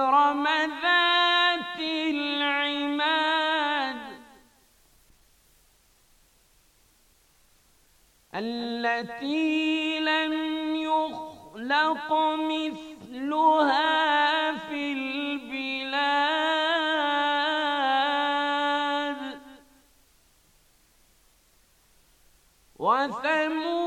إرم ذات العماد التي لم يخلق مثلها في البلاد وثمود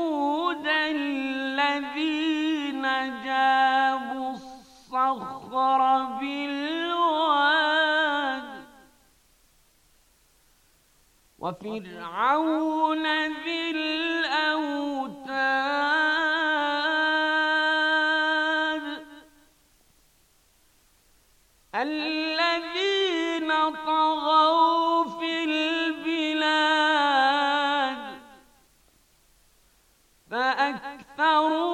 وفرعون ذي الأوتاد الذين طغوا في البلاد فأكثروا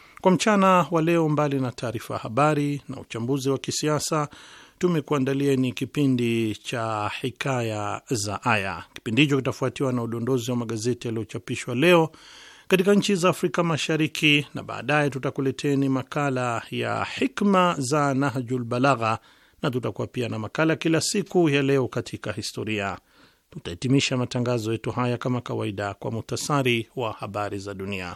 Kwa mchana wa leo, mbali na taarifa ya habari na uchambuzi wa kisiasa, tumekuandalia ni kipindi cha Hikaya za Aya. Kipindi hicho kitafuatiwa na udondozi wa magazeti yaliyochapishwa leo katika nchi za Afrika Mashariki, na baadaye tutakuleteni makala ya hikma za Nahjul Balagha, na tutakuwa pia na makala kila siku ya leo katika historia. Tutahitimisha matangazo yetu haya kama kawaida kwa muhtasari wa habari za dunia.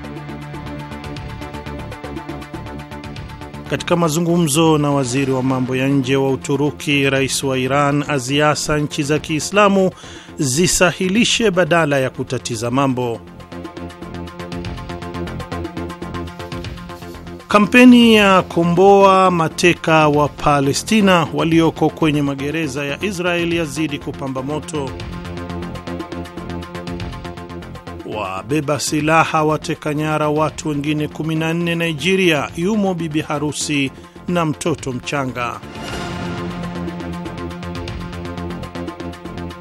katika mazungumzo na waziri wa mambo ya nje wa Uturuki, rais wa Iran aziasa nchi za Kiislamu zisahilishe badala ya kutatiza mambo. Kampeni ya komboa mateka wa Palestina walioko kwenye magereza ya Israeli yazidi kupamba moto wabeba silaha watekanyara watu wengine 14 Nigeria, yumo bibi harusi na mtoto mchanga.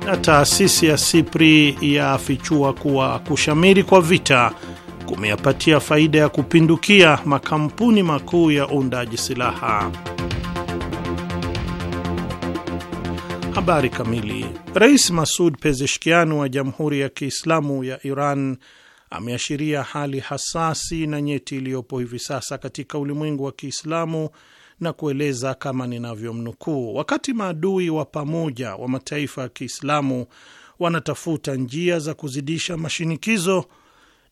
Na taasisi ya SIPRI yafichua kuwa kushamiri kwa vita kumeyapatia faida ya kupindukia makampuni makuu ya uundaji silaha. Habari kamili. Rais Masud Pezeshkian wa Jamhuri ya Kiislamu ya Iran ameashiria hali hasasi na nyeti iliyopo hivi sasa katika ulimwengu wa Kiislamu na kueleza kama ninavyomnukuu: wakati maadui wa pamoja wa mataifa ya Kiislamu wanatafuta njia za kuzidisha mashinikizo,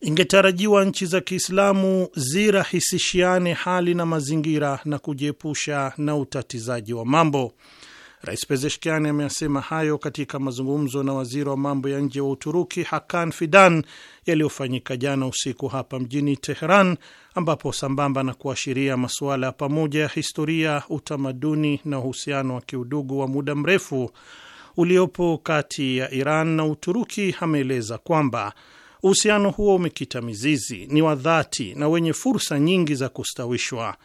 ingetarajiwa nchi za Kiislamu zirahisishiane hali na mazingira na kujiepusha na utatizaji wa mambo. Rais Pezeshkian ameyasema hayo katika mazungumzo na waziri wa mambo ya nje wa Uturuki Hakan Fidan yaliyofanyika jana usiku hapa mjini Teheran, ambapo sambamba na kuashiria masuala ya pamoja ya historia, utamaduni na uhusiano wa kiudugu wa muda mrefu uliopo kati ya Iran na Uturuki, ameeleza kwamba uhusiano huo umekita mizizi, ni wa dhati na wenye fursa nyingi za kustawishwa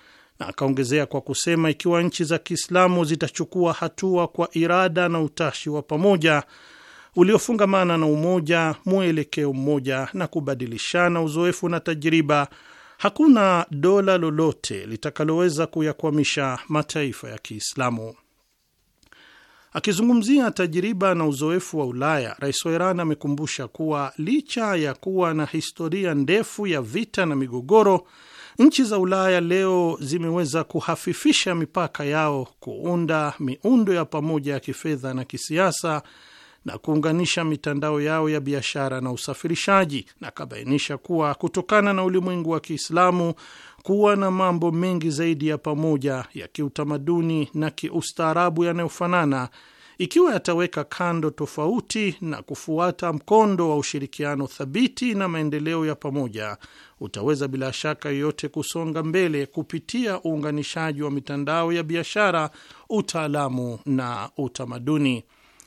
na akaongezea kwa kusema, ikiwa nchi za Kiislamu zitachukua hatua kwa irada na utashi wa pamoja uliofungamana na umoja, mwelekeo mmoja na kubadilishana uzoefu na tajiriba, hakuna dola lolote litakaloweza kuyakwamisha mataifa ya Kiislamu. Akizungumzia tajiriba na uzoefu wa Ulaya, rais wa Iran amekumbusha kuwa licha ya kuwa na historia ndefu ya vita na migogoro Nchi za Ulaya leo zimeweza kuhafifisha mipaka yao, kuunda miundo ya pamoja ya kifedha na kisiasa na kuunganisha mitandao yao ya biashara na usafirishaji, na akabainisha kuwa kutokana na ulimwengu wa Kiislamu kuwa na mambo mengi zaidi ya pamoja ya kiutamaduni na kiustaarabu yanayofanana ikiwa yataweka kando tofauti na kufuata mkondo wa ushirikiano thabiti na maendeleo ya pamoja, utaweza bila shaka yoyote kusonga mbele kupitia uunganishaji wa mitandao ya biashara, utaalamu na utamaduni.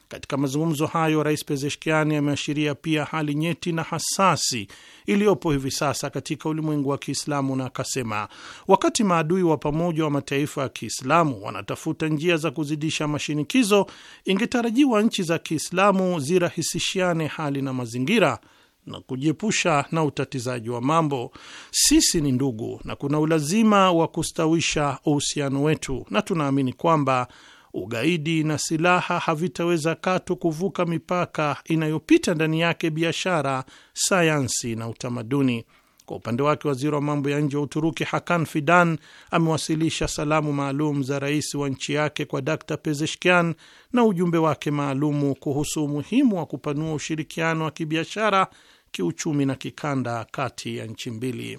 Katika mazungumzo hayo, Rais Pezeshkiani ameashiria pia hali nyeti na hasasi iliyopo hivi sasa katika ulimwengu wa Kiislamu na akasema, wakati maadui wa pamoja wa mataifa ya Kiislamu wanatafuta njia za kuzidisha mashinikizo, ingetarajiwa nchi za Kiislamu zirahisishiane hali na mazingira na kujiepusha na utatizaji wa mambo. Sisi ni ndugu na kuna ulazima wa kustawisha uhusiano wetu, na tunaamini kwamba ugaidi na silaha havitaweza katu kuvuka mipaka inayopita ndani yake biashara, sayansi na utamaduni. Kwa upande wake, waziri wa mambo ya nje wa Uturuki Hakan Fidan amewasilisha salamu maalum za rais wa nchi yake kwa d Pezeshkian na ujumbe wake maalumu kuhusu umuhimu wa kupanua ushirikiano wa kibiashara, kiuchumi na kikanda kati ya nchi mbili.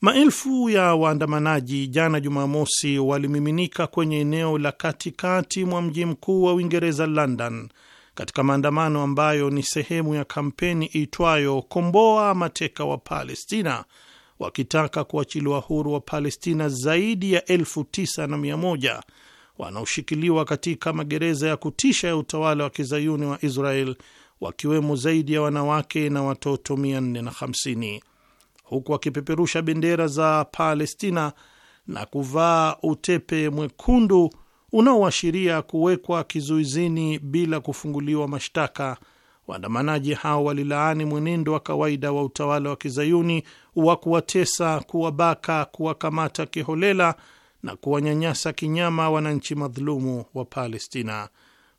Maelfu ya waandamanaji jana Jumamosi walimiminika kwenye eneo la katikati mwa mji mkuu wa Uingereza, London, katika maandamano ambayo ni sehemu ya kampeni iitwayo Komboa Mateka wa Palestina, wakitaka kuachiliwa huru wa Palestina zaidi ya elfu tisa na mia moja wanaoshikiliwa katika magereza ya kutisha ya utawala wa kizayuni wa Israel, wakiwemo zaidi ya wanawake na watoto 450 huku wakipeperusha bendera za Palestina na kuvaa utepe mwekundu unaoashiria kuwekwa kizuizini bila kufunguliwa mashtaka. Waandamanaji hao walilaani mwenendo wa kawaida wa utawala wa kizayuni wa kuwatesa, kuwabaka, kuwakamata kiholela na kuwanyanyasa kinyama wananchi madhulumu wa Palestina.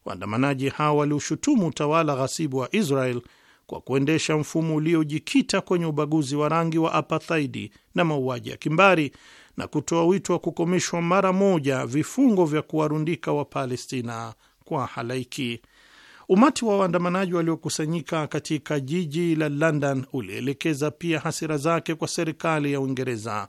Waandamanaji hao waliushutumu utawala ghasibu wa Israel kwa kuendesha mfumo uliojikita kwenye ubaguzi wa rangi wa apathaidi na mauaji ya kimbari na kutoa wito wa kukomeshwa mara moja vifungo vya kuwarundika Wapalestina kwa halaiki. Umati wa waandamanaji waliokusanyika katika jiji la London ulielekeza pia hasira zake kwa serikali ya Uingereza,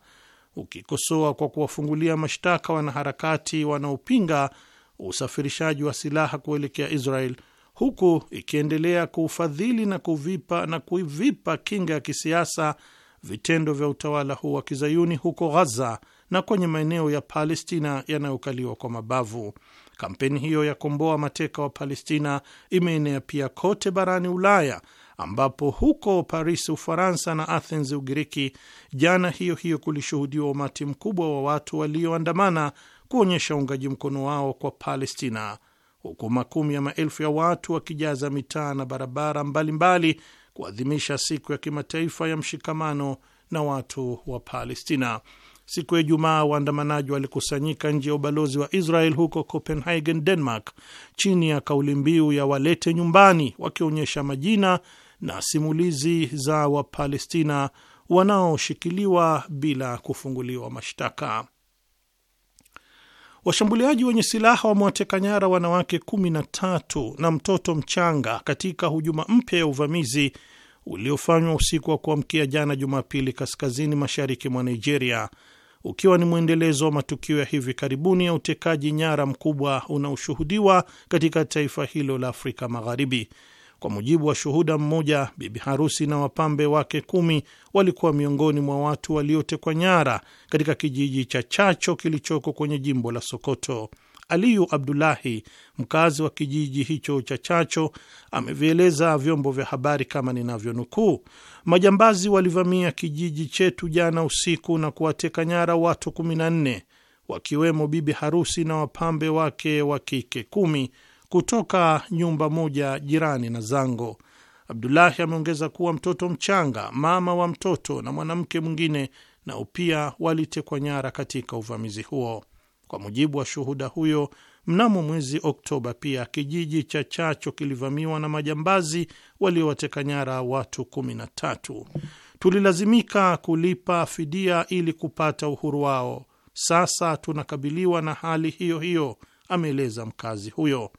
ukikosoa kwa kuwafungulia mashtaka wanaharakati wanaopinga usafirishaji wa silaha kuelekea Israel huku ikiendelea kuufadhili na kuvipa na kuivipa kinga ya kisiasa vitendo vya utawala huu wa kizayuni huko Ghaza na kwenye maeneo ya Palestina yanayokaliwa kwa mabavu. Kampeni hiyo ya komboa mateka wa Palestina imeenea pia kote barani Ulaya, ambapo huko Paris Ufaransa na Athens Ugiriki, jana hiyo hiyo kulishuhudiwa umati mkubwa wa watu walioandamana kuonyesha uungaji mkono wao kwa Palestina huku makumi ya maelfu ya watu wakijaza mitaa na barabara mbalimbali kuadhimisha siku ya kimataifa ya mshikamano na watu wa Palestina. Siku ya Ijumaa, waandamanaji walikusanyika nje ya ubalozi wa Israel huko Copenhagen, Denmark, chini ya kauli mbiu ya walete nyumbani, wakionyesha majina na simulizi za Wapalestina wanaoshikiliwa bila kufunguliwa mashtaka. Washambuliaji wenye silaha wamewateka nyara wanawake 13 na mtoto mchanga katika hujuma mpya ya uvamizi uliofanywa usiku wa kuamkia jana Jumapili, kaskazini mashariki mwa Nigeria, ukiwa ni mwendelezo wa matukio ya hivi karibuni ya utekaji nyara mkubwa unaoshuhudiwa katika taifa hilo la Afrika Magharibi. Kwa mujibu wa shuhuda mmoja, bibi harusi na wapambe wake kumi walikuwa miongoni mwa watu waliotekwa nyara katika kijiji cha Chacho kilichoko kwenye jimbo la Sokoto. Aliyu Abdulahi, mkazi wa kijiji hicho cha Chacho, amevieleza vyombo vya habari kama ninavyonukuu: majambazi walivamia kijiji chetu jana usiku na kuwateka nyara watu 14 wakiwemo bibi harusi na wapambe wake wa kike kumi kutoka nyumba moja jirani na zango. Abdulahi ameongeza kuwa mtoto mchanga, mama wa mtoto na mwanamke mwingine nao pia walitekwa nyara katika uvamizi huo. Kwa mujibu wa shuhuda huyo, mnamo mwezi Oktoba pia kijiji cha Chacho kilivamiwa na majambazi waliowateka nyara watu kumi na tatu. Tulilazimika kulipa fidia ili kupata uhuru wao. Sasa tunakabiliwa na hali hiyo hiyo, ameeleza mkazi huyo.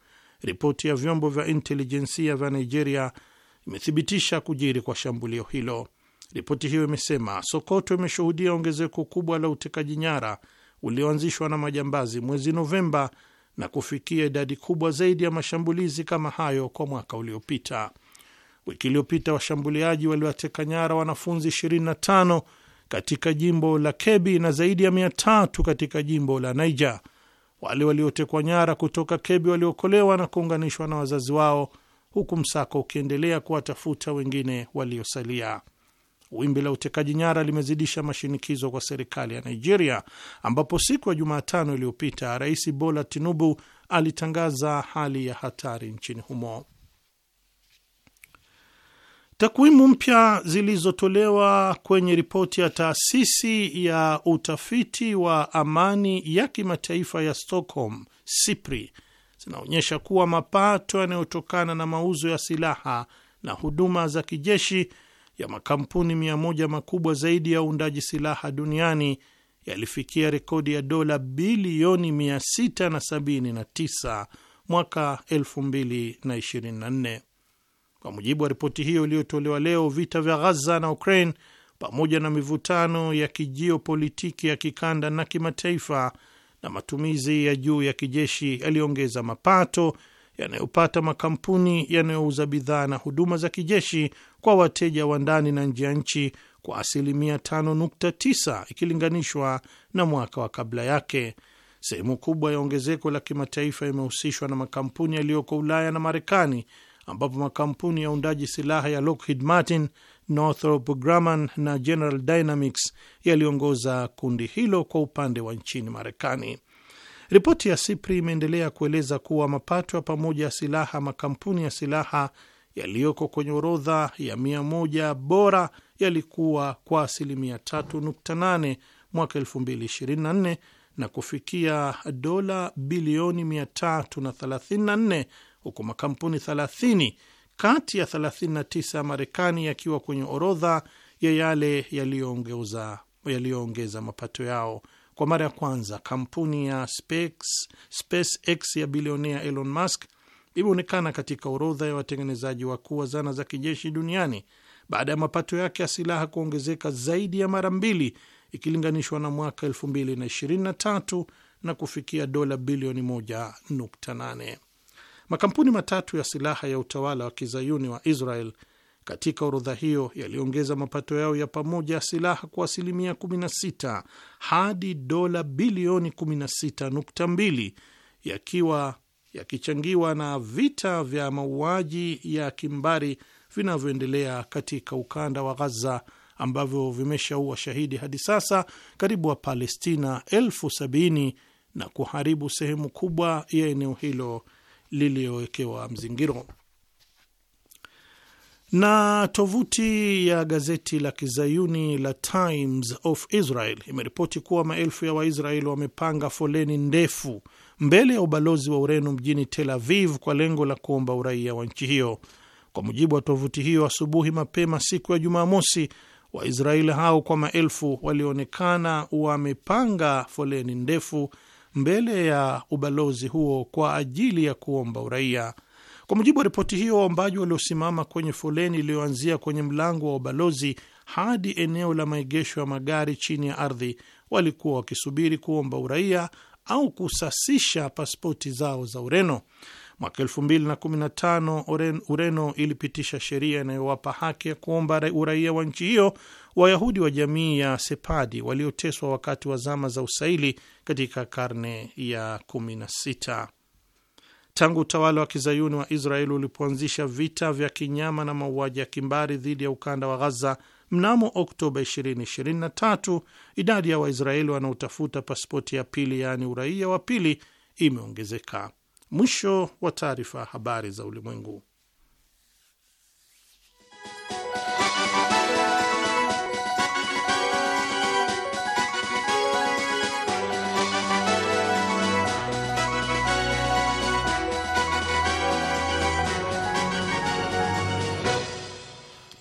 Ripoti ya vyombo vya intelijensia vya Nigeria imethibitisha kujiri kwa shambulio hilo. Ripoti hiyo imesema Sokoto imeshuhudia ongezeko kubwa la utekaji nyara ulioanzishwa na majambazi mwezi Novemba na kufikia idadi kubwa zaidi ya mashambulizi kama hayo kwa mwaka uliopita. Wiki iliyopita washambuliaji waliwateka nyara wanafunzi 25 katika jimbo la kebi na zaidi ya 300 katika jimbo la Niger. Wale waliotekwa nyara kutoka kebi waliokolewa na kuunganishwa na wazazi wao, huku msako ukiendelea kuwatafuta wengine waliosalia. Wimbi la utekaji nyara limezidisha mashinikizo kwa serikali ya Nigeria, ambapo siku ya Jumatano iliyopita Rais Bola Tinubu alitangaza hali ya hatari nchini humo. Takwimu mpya zilizotolewa kwenye ripoti ya taasisi ya utafiti wa amani ya kimataifa ya Stockholm SIPRI zinaonyesha kuwa mapato yanayotokana na mauzo ya silaha na huduma za kijeshi ya makampuni mia moja makubwa zaidi ya uundaji silaha duniani yalifikia rekodi ya dola bilioni 679 mwaka 2024. Kwa mujibu wa ripoti hiyo iliyotolewa leo, vita vya Ghaza na Ukraine pamoja na mivutano ya kijiopolitiki ya kikanda na kimataifa na matumizi ya juu ya kijeshi yaliongeza mapato yanayopata makampuni yanayouza bidhaa na huduma za kijeshi kwa wateja wa ndani na nje ya nchi kwa asilimia 5.9 ikilinganishwa na mwaka wa kabla yake. Sehemu kubwa ya ongezeko la kimataifa imehusishwa na makampuni yaliyoko Ulaya na Marekani ambapo makampuni ya uundaji silaha ya Lockheed Martin, Northrop Grumman na General Dynamics yaliongoza kundi hilo kwa upande wa nchini Marekani. Ripoti ya SIPRI imeendelea kueleza kuwa mapato ya pamoja ya silaha makampuni ya silaha yaliyoko kwenye orodha ya mia moja bora yalikuwa kwa asilimia 3.8 mwaka 2024 na kufikia dola bilioni 334 huku makampuni 30 kati ya 39 ya Marekani yakiwa kwenye orodha ya yale yaliyoongeza mapato yao. Kwa mara ya kwanza kampuni ya SpaceX, SpaceX ya bilionea Elon Musk imeonekana katika orodha ya watengenezaji wakuu wa zana za kijeshi duniani baada ya mapato yake ya silaha kuongezeka zaidi ya mara mbili ikilinganishwa na mwaka 2023 na kufikia dola bilioni 1.8. Makampuni matatu ya silaha ya utawala wa kizayuni wa Israel katika orodha hiyo yaliongeza mapato yao ya pamoja ya silaha kwa asilimia 16 hadi dola bilioni 16.2 yakiwa yakichangiwa na vita vya mauaji ya kimbari vinavyoendelea katika ukanda wa Ghaza ambavyo vimeshaua shahidi hadi sasa karibu wa Palestina elfu sabini na kuharibu sehemu kubwa ya eneo hilo liliyowekewa mzingiro. Na tovuti ya gazeti la kizayuni la Times of Israel imeripoti kuwa maelfu ya waisrael wamepanga foleni ndefu mbele ya ubalozi wa Ureno mjini Tel Aviv kwa lengo la kuomba uraia wa nchi hiyo. Kwa mujibu wa tovuti hiyo, asubuhi mapema siku ya Jumamosi, Waisraeli hao kwa maelfu walionekana wamepanga foleni ndefu mbele ya ubalozi huo kwa ajili ya kuomba uraia. Kwa mujibu wa ripoti hiyo, waombaji waliosimama kwenye foleni iliyoanzia kwenye mlango wa ubalozi hadi eneo la maegesho ya magari chini ya ardhi walikuwa wakisubiri kuomba uraia au kusasisha pasipoti zao za Ureno. Mwaka tano Ureno ilipitisha sheria inayowapa haki ya kuomba uraia wa nchi hiyo Wayahudi wa jamii ya Sepadi walioteswa wakati wa zama za usaili katika karne ya 16. Tangu utawala wa kizayuni wa Israeli ulipoanzisha vita vya kinyama na mauaji ya kimbari dhidi ya ukanda wa Ghaza mnamo Oktoba 2023 idadi ya Waisraeli wanaotafuta pasipoti ya pili, yaani uraia wa pili, imeongezeka. Mwisho wa taarifa. Habari za Ulimwengu.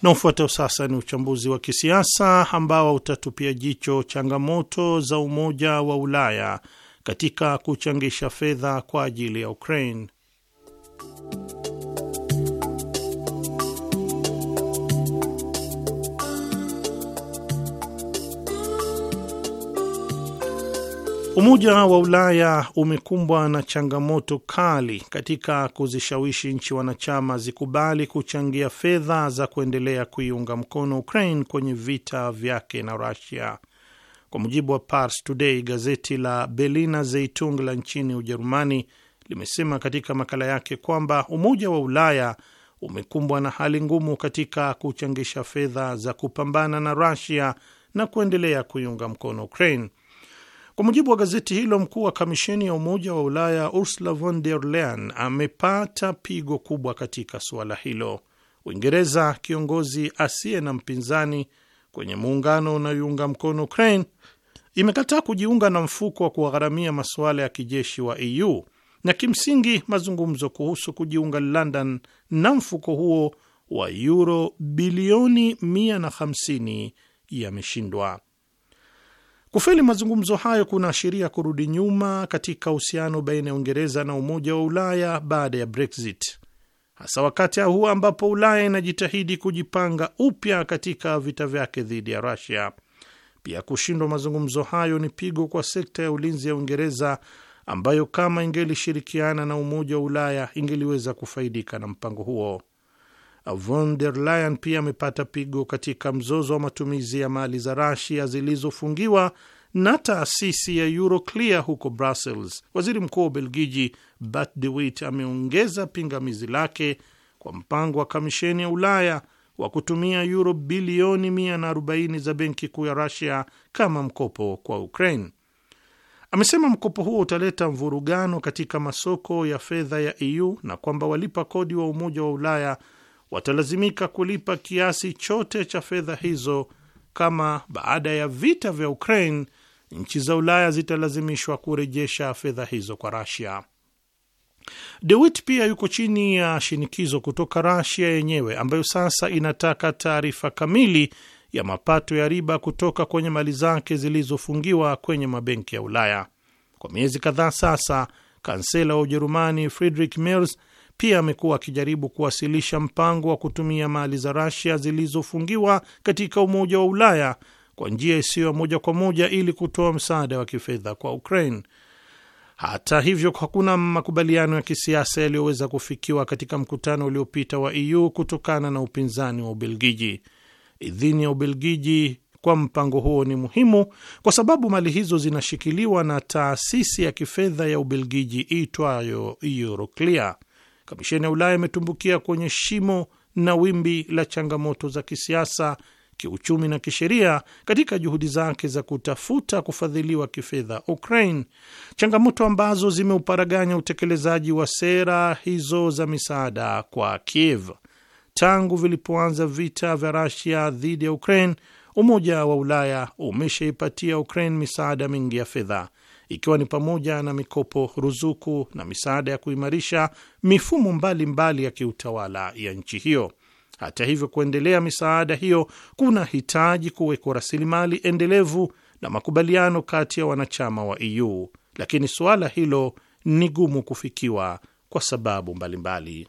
Na ufuatao sasa ni uchambuzi wa kisiasa ambao utatupia jicho changamoto za Umoja wa Ulaya katika kuchangisha fedha kwa ajili ya Ukraine. Umoja wa Ulaya umekumbwa na changamoto kali katika kuzishawishi nchi wanachama zikubali kuchangia fedha za kuendelea kuiunga mkono Ukraine kwenye vita vyake na Russia. Kwa mujibu wa Pars Today, gazeti la Berliner Zeitung la nchini Ujerumani limesema katika makala yake kwamba Umoja wa Ulaya umekumbwa na hali ngumu katika kuchangisha fedha za kupambana na rasia na kuendelea kuiunga mkono Ukraine. Kwa mujibu wa gazeti hilo, mkuu wa kamisheni ya Umoja wa Ulaya Ursula von der Leyen amepata pigo kubwa katika suala hilo. Uingereza, kiongozi asiye na mpinzani kwenye muungano unaoiunga mkono Ukraine imekataa kujiunga na mfuko wa kuwagharamia masuala ya kijeshi wa EU na kimsingi mazungumzo kuhusu kujiunga London na mfuko huo wa euro bilioni 150 yameshindwa. Kufeli mazungumzo hayo kunaashiria kurudi nyuma katika uhusiano baina ya Uingereza na Umoja wa Ulaya baada ya Brexit hasa wakati huu ambapo Ulaya inajitahidi kujipanga upya katika vita vyake dhidi ya Rusia. Pia kushindwa mazungumzo hayo ni pigo kwa sekta ya ulinzi ya Uingereza ambayo kama ingelishirikiana na Umoja wa Ulaya ingeliweza kufaidika na mpango huo. Von der Leyen pia amepata pigo katika mzozo wa matumizi ya mali za Rasia zilizofungiwa na taasisi ya Euroclear huko Brussels. Waziri Mkuu wa Ubelgiji Bart De Wit ameongeza pingamizi lake kwa mpango wa Kamisheni ya Ulaya wa kutumia euro bilioni 140 za benki kuu ya Rusia kama mkopo kwa Ukraine. Amesema mkopo huo utaleta mvurugano katika masoko ya fedha ya EU na kwamba walipa kodi wa Umoja wa Ulaya watalazimika kulipa kiasi chote cha fedha hizo kama baada ya vita vya Ukraine nchi za Ulaya zitalazimishwa kurejesha fedha hizo kwa Rasia. dewit pia yuko chini ya shinikizo kutoka Rasia yenyewe ambayo sasa inataka taarifa kamili ya mapato ya riba kutoka kwenye mali zake zilizofungiwa kwenye mabenki ya Ulaya. Kwa miezi kadhaa sasa, kansela wa Ujerumani Friedrich Merz pia amekuwa akijaribu kuwasilisha mpango wa kutumia mali za Rasia zilizofungiwa katika Umoja wa Ulaya kwa njia isiyo moja kwa moja ili kutoa msaada wa kifedha kwa Ukraine. Hata hivyo, hakuna makubaliano ya kisiasa yaliyoweza kufikiwa katika mkutano uliopita wa EU kutokana na upinzani wa Ubelgiji. Idhini ya Ubelgiji kwa mpango huo ni muhimu kwa sababu mali hizo zinashikiliwa na taasisi ya kifedha ya Ubelgiji iitwayo Euroclear. Kamisheni ya Ulaya imetumbukia kwenye shimo na wimbi la changamoto za kisiasa kiuchumi na kisheria katika juhudi zake za kutafuta kufadhiliwa kifedha Ukraine, changamoto ambazo zimeuparaganya utekelezaji wa sera hizo za misaada kwa Kiev. Tangu vilipoanza vita vya Rusia dhidi ya Ukraine, Umoja wa Ulaya umeshaipatia Ukraine misaada mingi ya fedha ikiwa ni pamoja na mikopo, ruzuku na misaada ya kuimarisha mifumo mbalimbali mbali ya kiutawala ya nchi hiyo. Hata hivyo, kuendelea misaada hiyo kuna hitaji kuwekwa rasilimali endelevu na makubaliano kati ya wanachama wa EU, lakini suala hilo ni gumu kufikiwa kwa sababu mbalimbali mbali.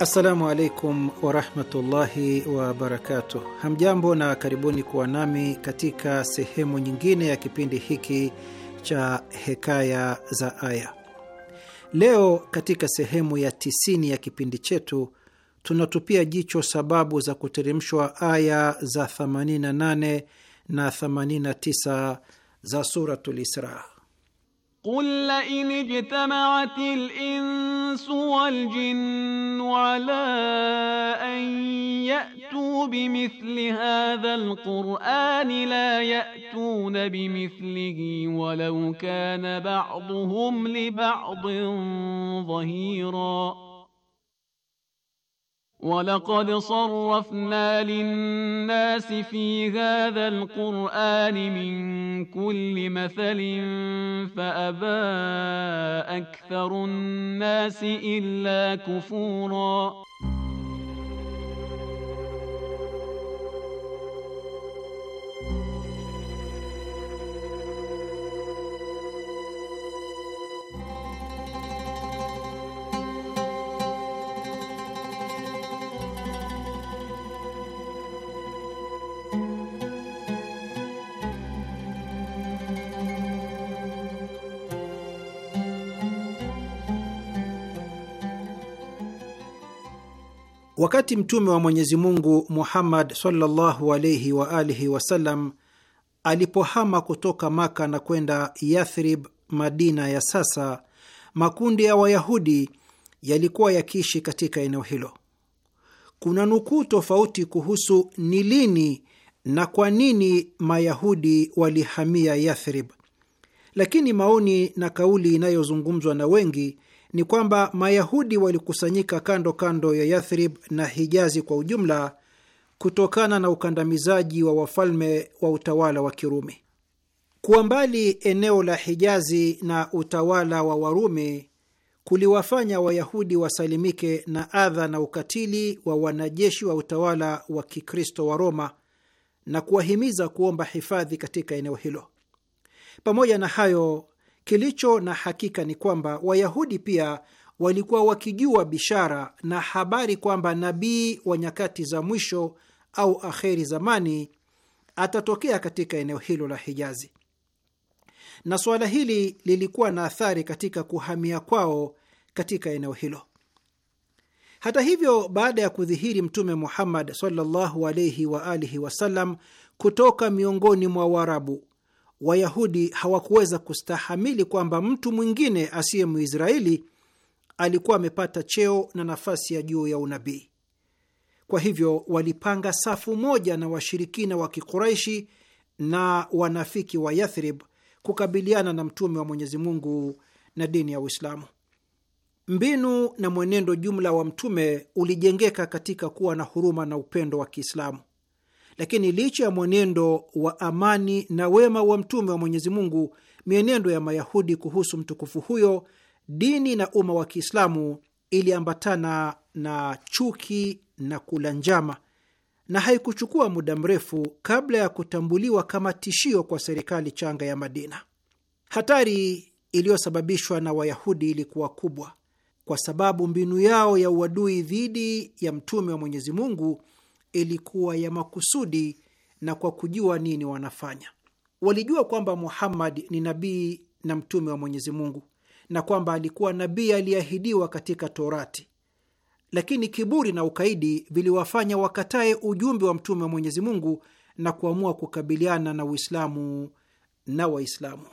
Assalamu alaikum warahmatullahi wabarakatuh. Hamjambo na karibuni kuwa nami katika sehemu nyingine ya kipindi hiki cha Hekaya za Aya. Leo katika sehemu ya tisini ya kipindi chetu tunatupia jicho sababu za kuteremshwa aya za 88 na 89 za Suratul قل لئن اجتمعت الإنس والجن على أن يأتوا بمثل هذا القرآن لا يأتون بمثله ولو كان بعضهم لبعض ظهيراً ولقد صرفنا للناس في هذا القرآن من كل مثل فأبى أكثر الناس إلا كفوراً Wakati mtume wa Mwenyezi Mungu Muhammad sallallahu alaihi wa alihi wasallam alipohama kutoka Maka na kwenda Yathrib, Madina ya sasa, makundi ya Wayahudi yalikuwa yakiishi katika eneo hilo. Kuna nukuu tofauti kuhusu ni lini na kwa nini Mayahudi walihamia Yathrib, lakini maoni na kauli inayozungumzwa na wengi ni kwamba Mayahudi walikusanyika kando kando ya Yathrib na Hijazi kwa ujumla kutokana na ukandamizaji wa wafalme wa utawala wa Kirumi. Kuwa mbali eneo la Hijazi na utawala wa Warumi kuliwafanya Wayahudi wasalimike na adha na ukatili wa wanajeshi wa utawala wa Kikristo wa Roma na kuwahimiza kuomba hifadhi katika eneo hilo. Pamoja na hayo, Kilicho na hakika ni kwamba Wayahudi pia walikuwa wakijua bishara na habari kwamba nabii wa nyakati za mwisho au akheri zamani atatokea katika eneo hilo la Hijazi, na suala hili lilikuwa na athari katika kuhamia kwao katika eneo hilo. Hata hivyo, baada ya kudhihiri Mtume Muhammad sallallahu alaihi wa alihi wasallam kutoka miongoni mwa Waarabu, Wayahudi hawakuweza kustahamili kwamba mtu mwingine asiye Mwisraeli alikuwa amepata cheo na nafasi ya juu ya unabii. Kwa hivyo walipanga safu moja na washirikina wa Kikuraishi na wanafiki wa Yathrib kukabiliana na mtume wa Mwenyezi Mungu na dini ya Uislamu. Mbinu na mwenendo jumla wa mtume ulijengeka katika kuwa na huruma na upendo wa Kiislamu. Lakini licha ya mwenendo wa amani na wema wa mtume wa Mwenyezi Mungu, mienendo ya Mayahudi kuhusu mtukufu huyo, dini na umma wa Kiislamu iliambatana na chuki na kula njama, na haikuchukua muda mrefu kabla ya kutambuliwa kama tishio kwa serikali changa ya Madina. Hatari iliyosababishwa na Wayahudi ilikuwa kubwa, kwa sababu mbinu yao ya uadui dhidi ya mtume wa Mwenyezi Mungu ilikuwa ya makusudi na kwa kujua nini wanafanya. Walijua kwamba Muhammad ni nabii na mtume wa Mwenyezi Mungu na kwamba alikuwa nabii aliyeahidiwa katika Torati, lakini kiburi na ukaidi viliwafanya wakatae ujumbe wa mtume wa Mwenyezi Mungu na kuamua kukabiliana na Uislamu na Waislamu.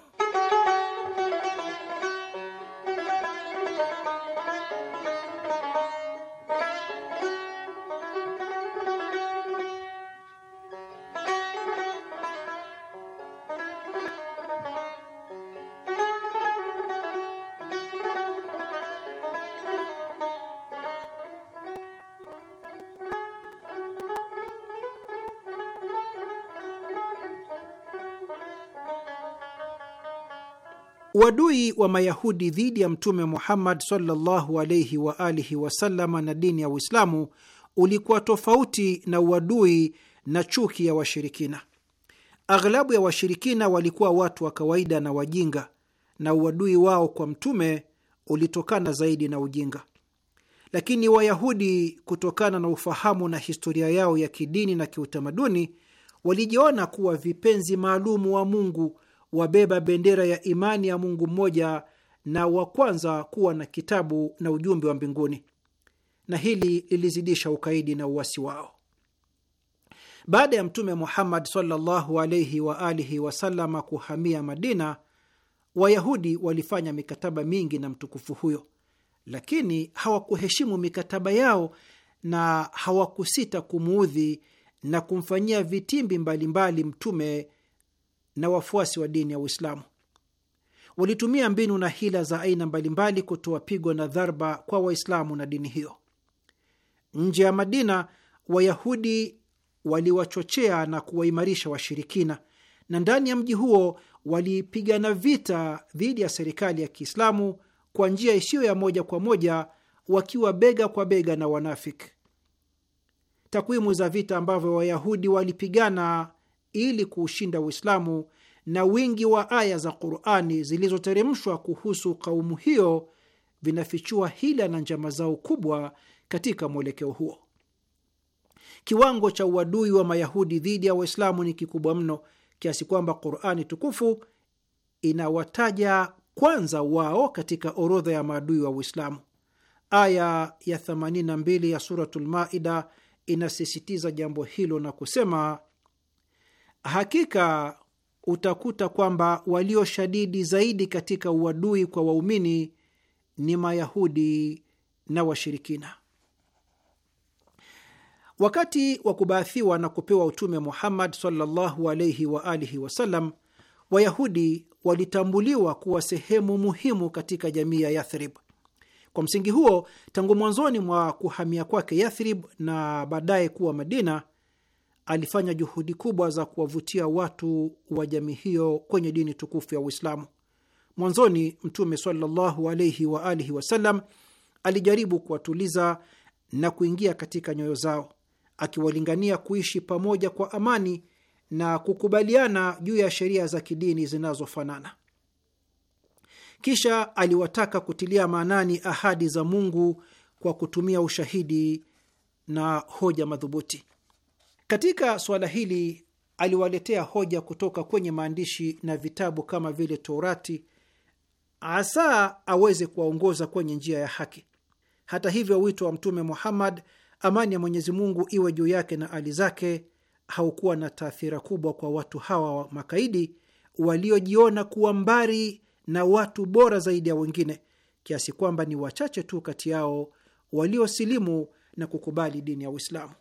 Uadui wa Mayahudi dhidi ya Mtume Muhammad sallallahu alaihi wa alihi wasalama na dini ya Uislamu ulikuwa tofauti na uadui na chuki ya washirikina. Aghlabu ya washirikina walikuwa watu wa kawaida na wajinga, na uadui wao kwa mtume ulitokana zaidi na ujinga. Lakini Wayahudi, kutokana na ufahamu na historia yao ya kidini na kiutamaduni, walijiona kuwa vipenzi maalumu wa Mungu wabeba bendera ya imani ya Mungu mmoja na wa kwanza kuwa na kitabu na ujumbe wa mbinguni, na hili lilizidisha ukaidi na uwasi wao. Baada ya Mtume Muhammad sallallahu alaihi wa alihi wasalama kuhamia Madina, Wayahudi walifanya mikataba mingi na mtukufu huyo, lakini hawakuheshimu mikataba yao na hawakusita kumuudhi na kumfanyia vitimbi mbalimbali mbali Mtume na wafuasi wa dini ya Uislamu. Walitumia mbinu na hila za aina mbalimbali kutoa pigo na dharba kwa Waislamu na dini hiyo. Nje ya Madina, Wayahudi waliwachochea na kuwaimarisha washirikina, na ndani ya mji huo walipigana vita dhidi ya serikali ya Kiislamu kwa njia isiyo ya moja kwa moja, wakiwa bega kwa bega na wanafiki. Takwimu za vita ambavyo Wayahudi walipigana ili kuushinda Uislamu, na wingi wa aya za Qurani zilizoteremshwa kuhusu kaumu hiyo vinafichua hila na njama zao kubwa katika mwelekeo huo. Kiwango cha uadui wa Mayahudi dhidi ya Waislamu ni kikubwa mno kiasi kwamba Qurani tukufu inawataja kwanza wao katika orodha ya maadui wa Uislamu. Aya ya 82 ya Suratul Maida inasisitiza jambo hilo na kusema Hakika utakuta kwamba walioshadidi zaidi katika uadui kwa waumini ni Mayahudi na washirikina. Wakati wa kubaathiwa na kupewa utume Muhammad sallallahu alaihi wa alihi wasallam, Wayahudi walitambuliwa kuwa sehemu muhimu katika jamii ya Yathrib. Kwa msingi huo, tangu mwanzoni mwa kuhamia kwake Yathrib na baadaye kuwa Madina, alifanya juhudi kubwa za kuwavutia watu wa jamii hiyo kwenye dini tukufu ya Uislamu. Mwanzoni Mtume sallallahu alaihi wa alihi wasallam alijaribu kuwatuliza na kuingia katika nyoyo zao, akiwalingania kuishi pamoja kwa amani na kukubaliana juu ya sheria za kidini zinazofanana. Kisha aliwataka kutilia maanani ahadi za Mungu kwa kutumia ushahidi na hoja madhubuti. Katika suala hili aliwaletea hoja kutoka kwenye maandishi na vitabu kama vile Torati, asa aweze kuwaongoza kwenye njia ya haki. Hata hivyo, wito wa Mtume Muhammad, amani ya Mwenyezi Mungu iwe juu yake na ali zake, haukuwa na taathira kubwa kwa watu hawa wa makaidi waliojiona kuwa mbari na watu bora zaidi ya wengine, kiasi kwamba ni wachache tu kati yao waliosilimu na kukubali dini ya Uislamu.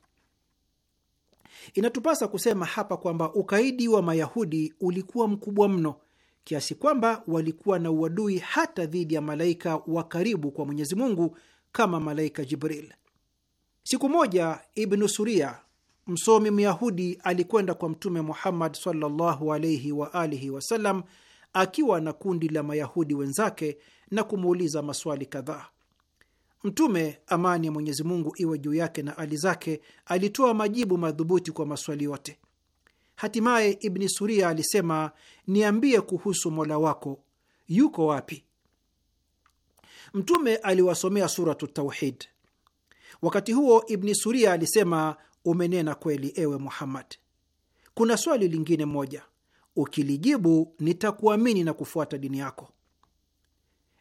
Inatupasa kusema hapa kwamba ukaidi wa Mayahudi ulikuwa mkubwa mno kiasi kwamba walikuwa na uadui hata dhidi ya malaika wa karibu kwa Mwenyezi Mungu kama malaika Jibril. Siku moja Ibnu Suria, msomi Myahudi, alikwenda kwa Mtume Muhammad sallallahu alaihi wa alihi wasallam akiwa na kundi la Mayahudi wenzake na kumuuliza maswali kadhaa. Mtume, amani ya Mwenyezi Mungu iwe juu yake na ali zake, alitoa majibu madhubuti kwa maswali yote. Hatimaye Ibni Suria alisema, niambie kuhusu mola wako, yuko wapi? Mtume aliwasomea Suratu Tauhid. Wakati huo Ibni Suria alisema, umenena kweli, ewe Muhammad. Kuna swali lingine moja, ukilijibu nitakuamini na kufuata dini yako.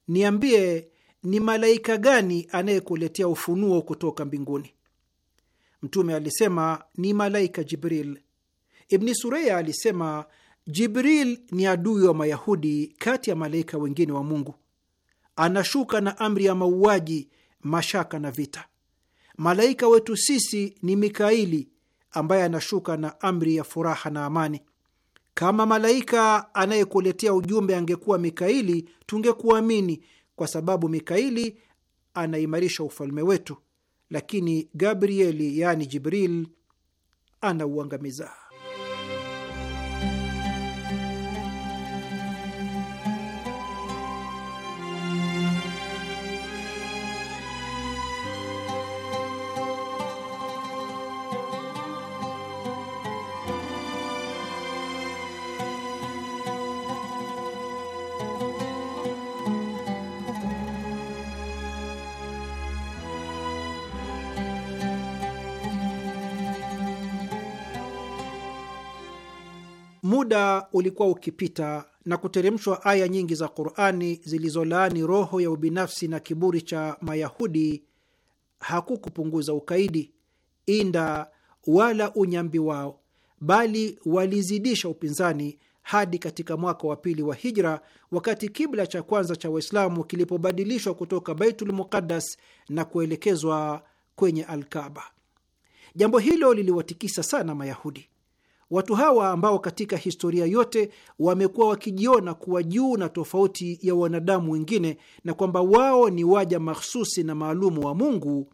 Niambie ni malaika gani anayekuletea ufunuo kutoka mbinguni? Mtume alisema ni malaika Jibril. Ibni Sureya alisema Jibril ni adui wa Mayahudi kati ya malaika wengine wa Mungu. Anashuka na amri ya mauaji, mashaka na vita. Malaika wetu sisi ni Mikaili ambaye anashuka na amri ya furaha na amani. Kama malaika anayekuletea ujumbe angekuwa Mikaili, tungekuamini kwa sababu Mikaili anaimarisha ufalme wetu, lakini Gabrieli yaani Jibril anauangamiza. Muda ulikuwa ukipita na kuteremshwa aya nyingi za Qurani zilizolaani roho ya ubinafsi na kiburi cha Mayahudi hakukupunguza ukaidi, inda wala unyambi wao, bali walizidisha upinzani hadi katika mwaka wa pili wa Hijra, wakati kibla cha kwanza cha Waislamu kilipobadilishwa kutoka Baitul Muqaddas na kuelekezwa kwenye Alkaba. Jambo hilo liliwatikisa sana Mayahudi. Watu hawa ambao katika historia yote wamekuwa wakijiona kuwa juu na tofauti ya wanadamu wengine na kwamba wao ni waja mahsusi na maalumu wa Mungu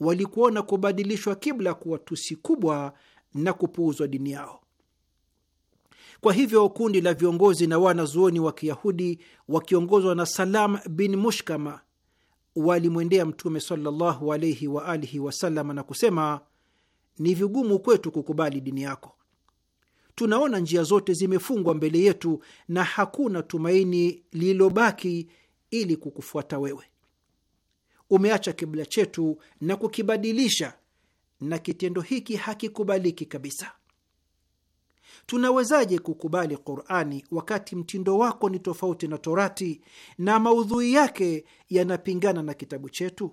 walikuona kubadilishwa kibla kuwa tusi kubwa na kupuuzwa dini yao. Kwa hivyo kundi la viongozi na wanazuoni wa Kiyahudi wakiongozwa na Salam bin Mushkama walimwendea Mtume sallallahu alaihi waalihi wasalama na kusema, ni vigumu kwetu kukubali dini yako tunaona njia zote zimefungwa mbele yetu na hakuna tumaini lililobaki ili kukufuata wewe. Umeacha kibla chetu na kukibadilisha, na kitendo hiki hakikubaliki kabisa. Tunawezaje kukubali Qurani wakati mtindo wako ni tofauti na Torati na maudhui yake yanapingana na kitabu chetu?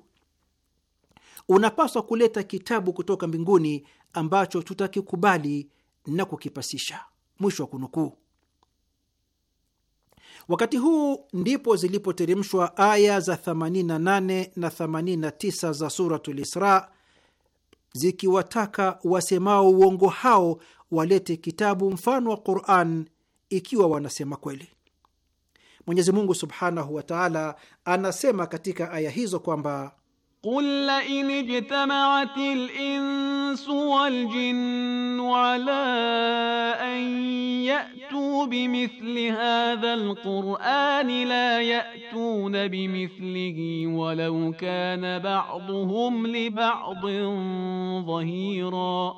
Unapaswa kuleta kitabu kutoka mbinguni ambacho tutakikubali na kukipasisha. Mwisho wa kunukuu. Wakati huu ndipo zilipoteremshwa aya za 88 na 89 za Suratul Isra zikiwataka wasemao uongo hao walete kitabu mfano wa Quran ikiwa wanasema kweli. Mwenyezi Mungu subhanahu wa taala anasema katika aya hizo kwamba قل لئن اجتمعت الإنس والجن على أن يأتوا بمثل هذا القرآن لا يأتون بمثله ولو كان بعضهم لبعض ظهيرا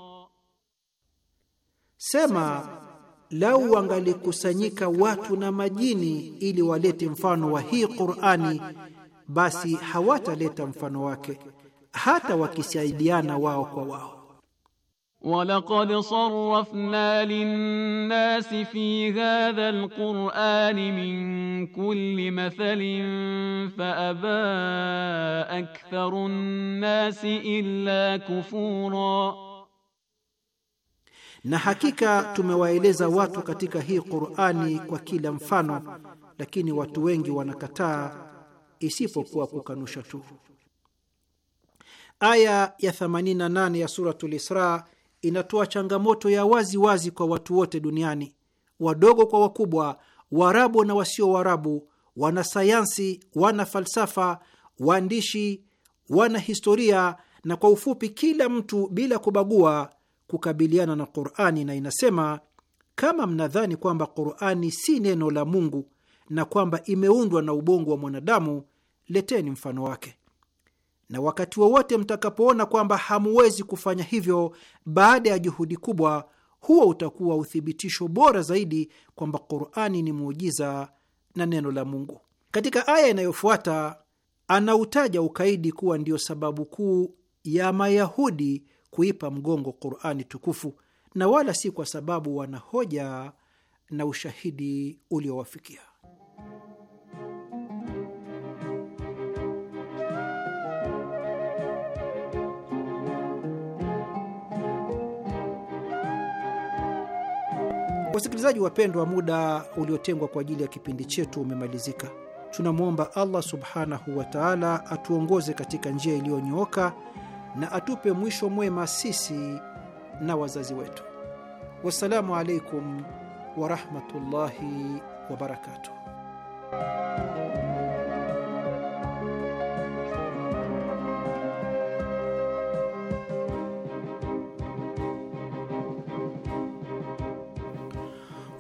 سما لو وانغلي كسانيكا واتو majini الي walete mfano وهي قراني basi hawataleta mfano wake hata wakisaidiana wao kwa wao. Walaqad sarrafna lin-nasi fi hadha al-Qur'ani min kulli mathalin aba aktharu an-nasi illa kufura, na hakika tumewaeleza watu katika hii Qur'ani kwa kila mfano, lakini watu wengi wanakataa isipokuwa kukanusha tu. Aya ya 88 ya Suratul Isra inatoa changamoto ya wazi wazi kwa watu wote duniani, wadogo kwa wakubwa, Waarabu na wasio Waarabu, wanasayansi, wana falsafa, waandishi, wana historia na kwa ufupi, kila mtu bila kubagua, kukabiliana na Qur'ani, na inasema kama mnadhani kwamba Qur'ani si neno la Mungu na kwamba imeundwa na ubongo wa mwanadamu, leteni mfano wake. Na wakati wowote wa mtakapoona kwamba hamuwezi kufanya hivyo baada ya juhudi kubwa, huo utakuwa uthibitisho bora zaidi kwamba Qur'ani ni muujiza na neno la Mungu. Katika aya inayofuata anautaja ukaidi kuwa ndiyo sababu kuu ya Mayahudi kuipa mgongo Qur'ani tukufu na wala si kwa sababu wana hoja na ushahidi uliowafikia. Wasikilizaji wapendwa, muda uliotengwa kwa ajili ya kipindi chetu umemalizika. Tunamwomba Allah subhanahu wa taala atuongoze katika njia iliyonyooka na atupe mwisho mwema sisi na wazazi wetu. Wassalamu alaikum warahmatullahi wabarakatuh.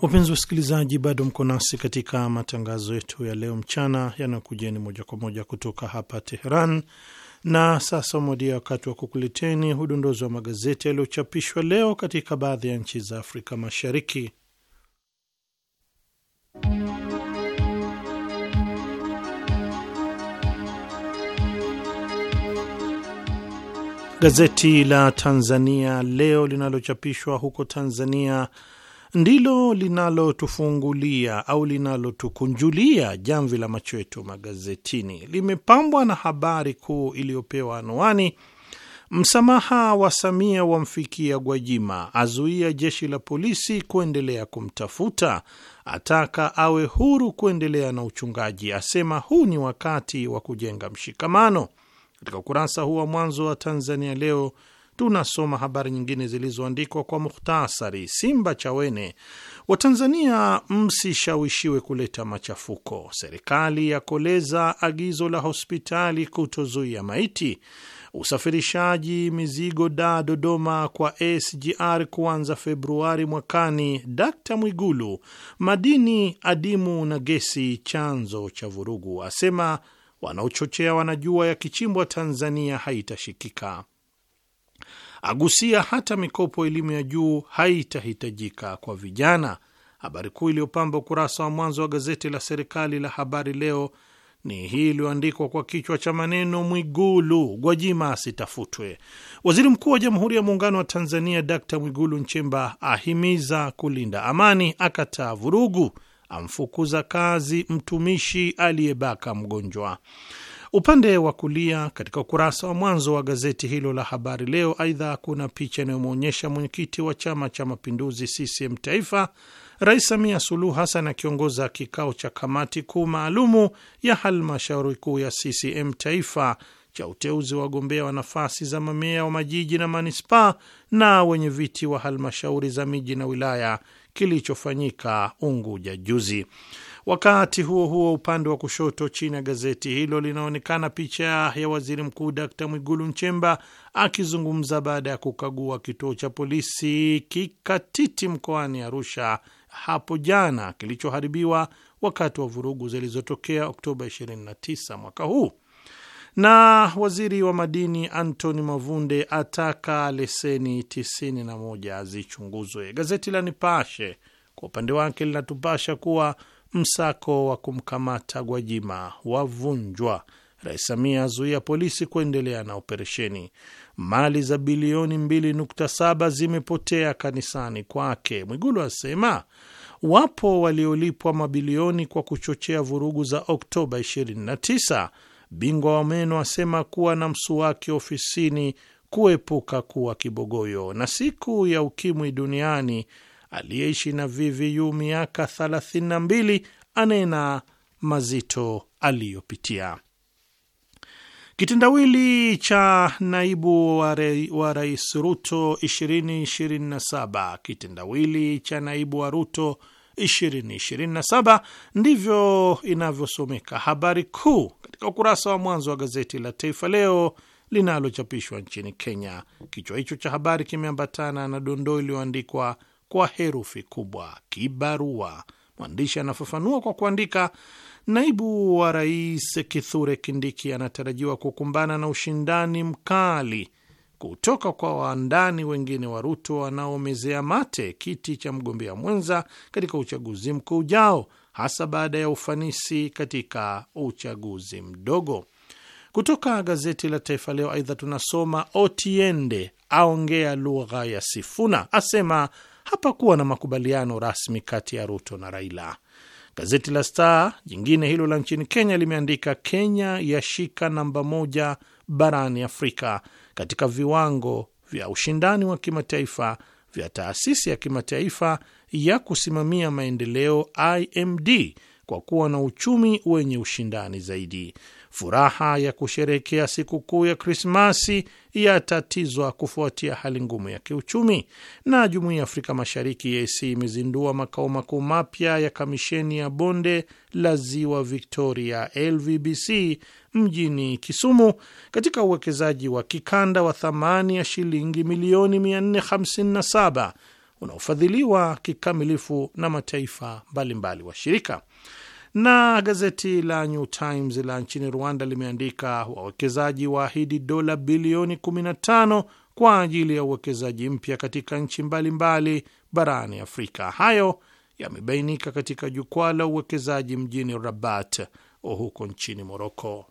Wapenzi wasikilizaji, bado mko nasi katika matangazo yetu ya leo mchana yanayokujeni moja kwa moja kutoka hapa Teheran. Na sasa umewadia wakati wa kukuleteni udondozi wa magazeti yaliyochapishwa leo katika baadhi ya nchi za Afrika Mashariki. Gazeti la Tanzania Leo linalochapishwa huko Tanzania ndilo linalotufungulia au linalotukunjulia jamvi la macho yetu magazetini. Limepambwa na habari kuu iliyopewa anwani Msamaha wa Samia wamfikia Gwajima, azuia jeshi la polisi kuendelea kumtafuta, ataka awe huru kuendelea na uchungaji, asema huu ni wakati wa kujenga mshikamano. Katika ukurasa huu wa mwanzo wa Tanzania Leo Tunasoma habari nyingine zilizoandikwa kwa mukhtasari. Simba chawene, Watanzania msishawishiwe kuleta machafuko. Serikali yakoleza agizo la hospitali kutozuia maiti. Usafirishaji mizigo da Dodoma kwa SGR kuanza Februari mwakani. Dkt Mwigulu, madini adimu na gesi chanzo cha vurugu, asema wanaochochea wanajua yakichimbwa Tanzania haitashikika agusia hata mikopo elimu ya juu haitahitajika kwa vijana. Habari kuu iliyopamba ukurasa wa mwanzo wa gazeti la serikali la Habari Leo ni hii iliyoandikwa kwa kichwa cha maneno Mwigulu Gwajima asitafutwe. Waziri Mkuu wa Jamhuri ya Muungano wa Tanzania Dkt Mwigulu Nchemba ahimiza kulinda amani, akataa vurugu, amfukuza kazi mtumishi aliyebaka mgonjwa. Upande wa kulia katika ukurasa wa mwanzo wa gazeti hilo la Habari Leo. Aidha, kuna picha inayomwonyesha mwenyekiti wa Chama cha Mapinduzi CCM Taifa, Rais Samia Suluhu Hassan akiongoza kikao cha kamati kuu maalumu ya halmashauri kuu ya CCM Taifa cha uteuzi wa wagombea wa nafasi za mamea wa majiji na manispaa na wenye viti wa halmashauri za miji na wilaya kilichofanyika Unguja juzi. Wakati huo huo, upande wa kushoto chini ya gazeti hilo linaonekana picha ya waziri mkuu Dkt Mwigulu Nchemba akizungumza baada ya kukagua kituo cha polisi Kikatiti mkoani Arusha hapo jana kilichoharibiwa wakati wa vurugu zilizotokea Oktoba 29 mwaka huu. Na waziri wa madini Antony Mavunde ataka leseni 91 zichunguzwe. Gazeti la Nipashe kwa upande wake linatupasha kuwa msako wa kumkamata Gwajima wavunjwa. Rais Samia azuia polisi kuendelea na operesheni. Mali za bilioni 2.7 zimepotea kanisani kwake. Mwigulu asema wapo waliolipwa mabilioni kwa kuchochea vurugu za Oktoba 29. Bingwa wa meno asema kuwa na wake ofisini kuepuka kuwa kibogoyo. Na siku ya ukimwi duniani aliyeishi na VVU miaka 32 anena mazito aliyopitia. Kitendawili cha naibu wa rais Ruto 2027, kitendawili cha naibu wa Ruto 2027, ndivyo inavyosomeka habari kuu katika ukurasa wa mwanzo wa gazeti la Taifa Leo linalochapishwa nchini Kenya. Kichwa hicho cha habari kimeambatana na dondoo iliyoandikwa kwa herufi kubwa kibarua. Mwandishi anafafanua kwa kuandika, naibu wa rais Kithure Kindiki anatarajiwa kukumbana na ushindani mkali kutoka kwa waandani wengine wa Ruto wanaomezea mate kiti cha mgombea mwenza katika uchaguzi mkuu ujao, hasa baada ya ufanisi katika uchaguzi mdogo. Kutoka gazeti la Taifa Leo aidha tunasoma Otiende aongea lugha ya Sifuna, asema hapakuwa na makubaliano rasmi kati ya Ruto na Raila. Gazeti la Star jingine hilo la nchini Kenya limeandika Kenya yashika namba moja barani Afrika katika viwango vya ushindani wa kimataifa vya taasisi ya kimataifa ya kusimamia maendeleo IMD kwa kuwa na uchumi wenye ushindani zaidi. Furaha ya kusherekea sikukuu ya Krismasi yatatizwa kufuatia hali ngumu ya kiuchumi. Na jumuiya ya Afrika Mashariki EAC imezindua makao makuu mapya ya kamisheni ya bonde la ziwa Victoria LVBC mjini Kisumu katika uwekezaji wa kikanda wa thamani ya shilingi milioni 457 unaofadhiliwa kikamilifu na mataifa mbalimbali washirika. Na gazeti la New Times la nchini Rwanda limeandika wawekezaji waahidi dola bilioni 15 kwa ajili ya uwekezaji mpya katika nchi mbalimbali mbali barani Afrika. Hayo yamebainika katika jukwaa la uwekezaji mjini Rabat huko nchini Moroko.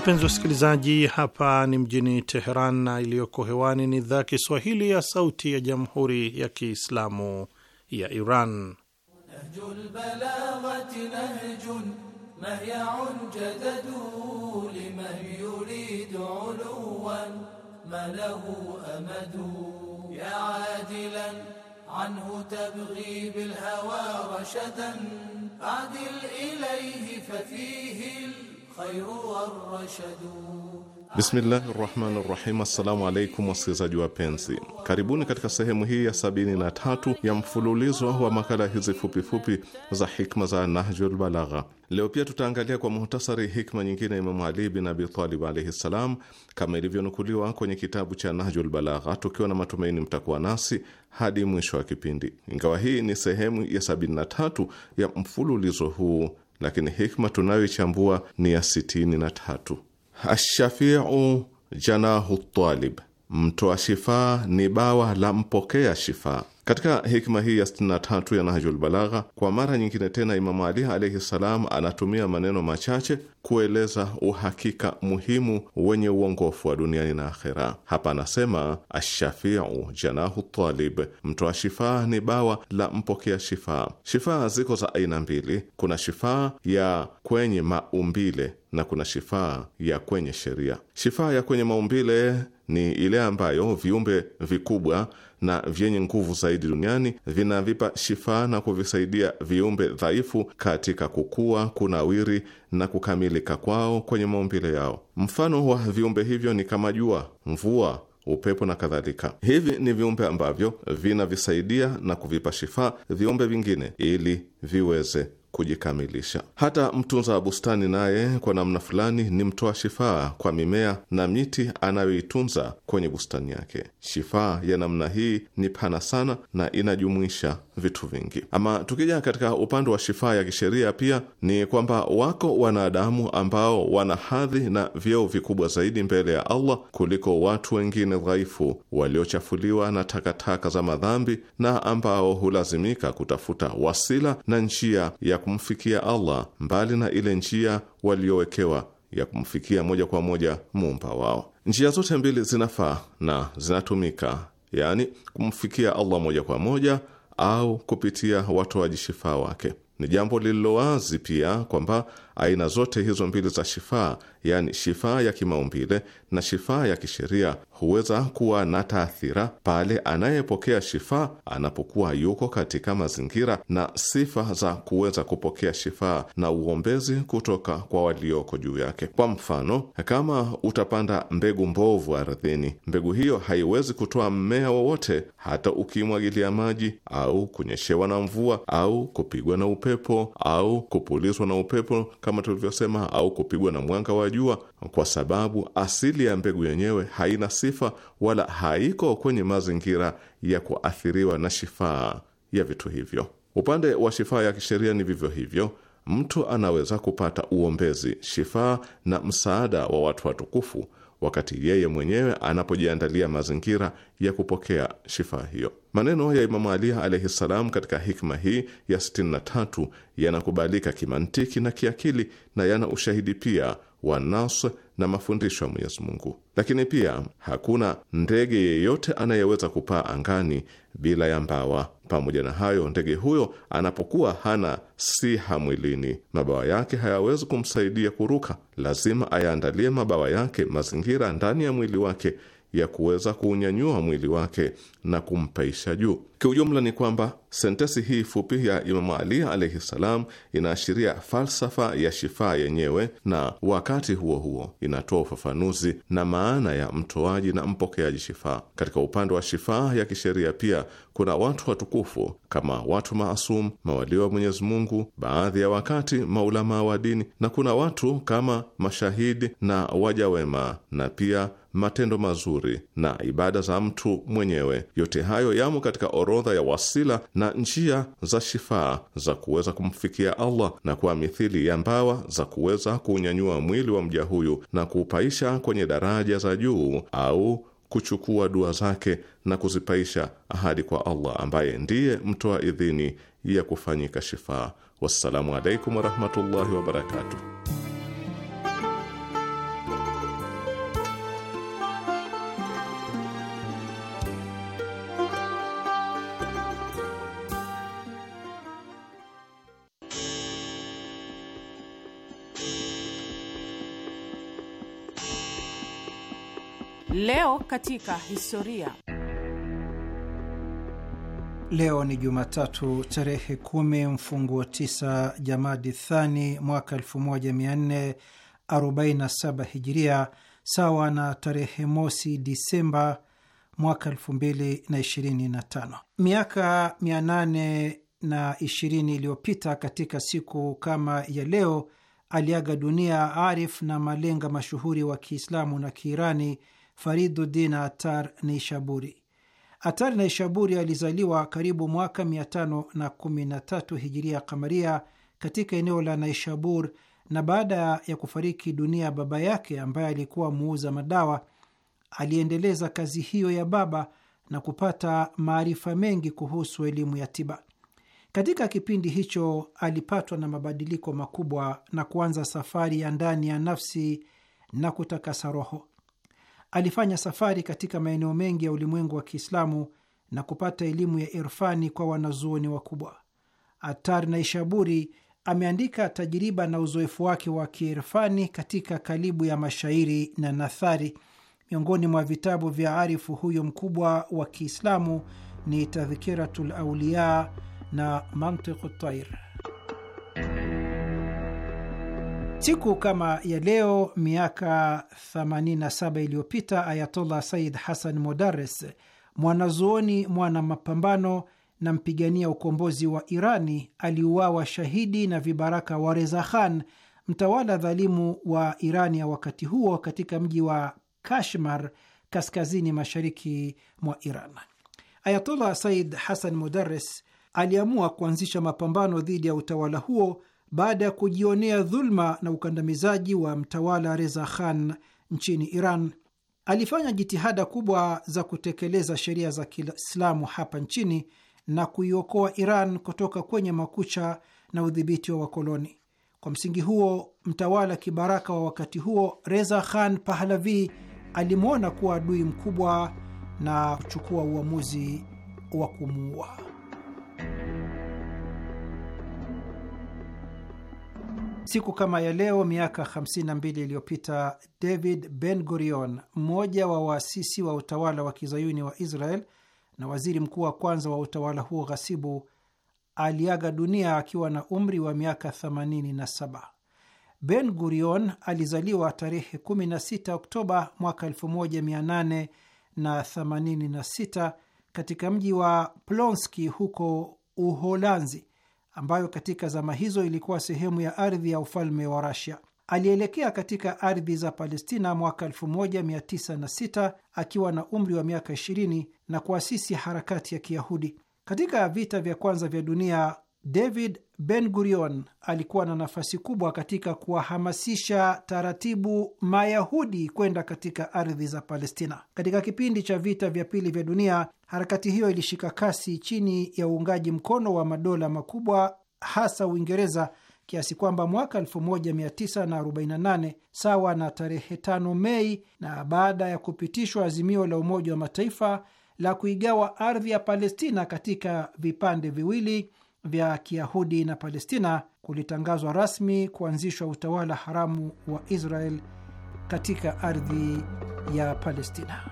Wapenzi wasikilizaji, hapa ni mjini Teheran na iliyoko hewani ni idhaa Kiswahili ya Sauti ya Jamhuri ya Kiislamu ya Iran. Bismillahi rahmani rahim. Assalamu alaikum wasikilizaji wapenzi, karibuni katika sehemu hii ya sabini na tatu ya mfululizo wa makala hizi fupifupi za hikma za Nahjul Balagha. Leo pia tutaangalia kwa muhtasari hikma nyingine ya Imamu Ali bin Abi Talib alaihi ssalam, kama ilivyonukuliwa kwenye kitabu cha Nahjul Balagha, tukiwa na matumaini mtakuwa nasi hadi mwisho wa kipindi. Ingawa hii ni sehemu ya sabini na tatu ya mfululizo huu lakini hikma tunayoichambua ni ya sitini na tatu. Ashafiu janahu talib, mtoa shifaa ni bawa la mpokea shifaa. Katika hikma hii ya 63 ya Nahjul Balagha, kwa mara nyingine tena, Imamu Ali alaihi salam anatumia maneno machache kueleza uhakika muhimu wenye uongofu wa duniani na akhera. Hapa anasema ashafiu janahu talib, mtoa shifaa ni bawa la mpokea shifaa. Shifaa ziko za aina mbili, kuna shifaa ya kwenye maumbile na kuna shifaa ya kwenye sheria. Shifaa ya kwenye maumbile ni ile ambayo viumbe vikubwa na vyenye nguvu zaidi duniani vinavipa shifaa na kuvisaidia viumbe dhaifu katika kukua, kunawiri na kukamilika kwao kwenye maumbile yao. Mfano wa viumbe hivyo ni kama jua, mvua upepo na kadhalika. Hivi ni viumbe ambavyo vinavisaidia na kuvipa shifaa viumbe vingine ili viweze kujikamilisha. Hata mtunza wa bustani naye kwa namna fulani ni mtoa shifaa kwa mimea na miti anayoitunza kwenye bustani yake. Shifaa ya namna hii ni pana sana na inajumuisha vitu vingi. Ama tukija katika upande wa shifaa ya kisheria, pia ni kwamba wako wanadamu ambao wana hadhi na vyeo vikubwa zaidi mbele ya Allah kuliko watu wengine dhaifu waliochafuliwa na takataka za madhambi na ambao hulazimika kutafuta wasila na njia ya kumfikia Allah mbali na ile njia waliowekewa ya kumfikia moja kwa moja muumba wao. Njia zote mbili zinafaa na zinatumika, yaani kumfikia Allah moja kwa moja au kupitia watoaji shifaa wake. Ni jambo lililowazi pia kwamba Aina zote hizo mbili za shifaa, yaani shifaa ya kimaumbile na shifaa ya kisheria, huweza kuwa na taathira pale anayepokea shifaa anapokuwa yuko katika mazingira na sifa za kuweza kupokea shifaa na uombezi kutoka kwa walioko juu yake. Kwa mfano, kama utapanda mbegu mbovu ardhini, mbegu hiyo haiwezi kutoa mmea wowote, hata ukimwagilia maji au kunyeshewa na mvua au kupigwa na upepo au kupulizwa na upepo kama tulivyosema, au kupigwa na mwanga wa jua, kwa sababu asili ya mbegu yenyewe haina sifa wala haiko kwenye mazingira ya kuathiriwa na shifaa ya vitu hivyo. Upande wa shifaa ya kisheria ni vivyo hivyo. Mtu anaweza kupata uombezi, shifaa na msaada wa watu watukufu wakati yeye mwenyewe anapojiandalia mazingira ya kupokea shifa hiyo. Maneno ya Imamu Ali alaihi ssalam katika hikma hii ya 63 yanakubalika kimantiki na kiakili na yana ushahidi pia wa nas na mafundisho ya Mwenyezi Mungu. Lakini pia hakuna ndege yeyote anayeweza kupaa angani bila ya mbawa. Pamoja na hayo, ndege huyo anapokuwa hana siha mwilini, mabawa yake hayawezi kumsaidia kuruka. Lazima ayaandalie mabawa yake mazingira ndani ya mwili wake ya kuweza kuunyanyua mwili wake na kumpaisha juu. Kiujumla ni kwamba sentesi hii fupi ya Imamu Ali alaihi ssalam inaashiria falsafa ya shifaa yenyewe, na wakati huo huo inatoa ufafanuzi na maana ya mtoaji na mpokeaji shifaa. Katika upande wa shifaa ya kisheria pia kuna watu watukufu kama watu maasum, mawalio wa Mwenyezi Mungu, baadhi ya wakati maulamaa wa dini, na kuna watu kama mashahidi na waja wema, na pia matendo mazuri na ibada za mtu mwenyewe yote hayo yamo katika orodha ya wasila na njia za shifaa za kuweza kumfikia Allah, na kwa mithili ya mbawa za kuweza kuunyanyua mwili wa mja huyu na kuupaisha kwenye daraja za juu au kuchukua dua zake na kuzipaisha ahadi kwa Allah ambaye ndiye mtoa idhini ya kufanyika shifaa. Wassalamu alaikum warahmatullahi wabarakatuh. Leo katika historia. Leo ni Jumatatu tarehe kumi mfunguo tisa Jamadi Thani mwaka 1447 Hijiria, sawa na tarehe mosi Disemba mwaka 2025. Miaka 820 iliyopita katika siku kama ya leo aliaga dunia arif na malenga mashuhuri wa Kiislamu na Kiirani Fariduddin Atar Neishaburi. Atar naishaburi alizaliwa karibu mwaka 513 hijiria kamaria katika eneo la Naishabur, na baada ya kufariki dunia baba yake ambaye alikuwa muuza madawa, aliendeleza kazi hiyo ya baba na kupata maarifa mengi kuhusu elimu ya tiba. Katika kipindi hicho alipatwa na mabadiliko makubwa na kuanza safari ya ndani ya nafsi na kutakasa roho. Alifanya safari katika maeneo mengi ya ulimwengu wa Kiislamu na kupata elimu ya irfani kwa wanazuoni wakubwa. Attar Naishaburi ameandika tajiriba na uzoefu wake wa kiirfani katika kalibu ya mashairi na nathari. Miongoni mwa vitabu vya arifu huyo mkubwa wa Kiislamu ni Tadhkiratul Auliya na Mantiqu Tair. Siku kama ya leo miaka 87 iliyopita Ayatollah Said Hassan Modares, mwanazuoni, mwana mapambano na mpigania ukombozi wa Irani, aliuawa shahidi na vibaraka wa Reza Khan, mtawala dhalimu wa Irani ya wakati huo, katika mji wa Kashmar, kaskazini mashariki mwa Iran. Ayatollah Said Hassan Modares aliamua kuanzisha mapambano dhidi ya utawala huo baada ya kujionea dhuluma na ukandamizaji wa mtawala Reza Khan nchini Iran. Alifanya jitihada kubwa za kutekeleza sheria za Kiislamu hapa nchini na kuiokoa Iran kutoka kwenye makucha na udhibiti wa wakoloni. Kwa msingi huo, mtawala kibaraka wa wakati huo Reza Khan Pahlavi alimwona kuwa adui mkubwa na kuchukua uamuzi wa kumuua. Siku kama ya leo miaka 52 iliyopita David Ben Gurion, mmoja wa waasisi wa utawala wa kizayuni wa Israel na waziri mkuu wa kwanza wa utawala huo ghasibu, aliaga dunia akiwa na umri wa miaka 87. Ben Gurion alizaliwa tarehe 16 Oktoba mwaka 1886 katika mji wa Plonski huko Uholanzi ambayo katika zama hizo ilikuwa sehemu ya ardhi ya ufalme wa Rasia. Alielekea katika ardhi za Palestina mwaka 1906 akiwa na umri wa miaka 20 na kuasisi harakati ya Kiyahudi. Katika vita vya kwanza vya dunia David Ben Gurion alikuwa na nafasi kubwa katika kuwahamasisha taratibu Mayahudi kwenda katika ardhi za Palestina. Katika kipindi cha vita vya pili vya dunia, harakati hiyo ilishika kasi chini ya uungaji mkono wa madola makubwa, hasa Uingereza, kiasi kwamba mwaka 1948 sawa na tarehe 5 Mei, na baada ya kupitishwa azimio la Umoja wa Mataifa la kuigawa ardhi ya Palestina katika vipande viwili vya Kiyahudi na Palestina kulitangazwa rasmi kuanzishwa utawala haramu wa Israel katika ardhi ya Palestina.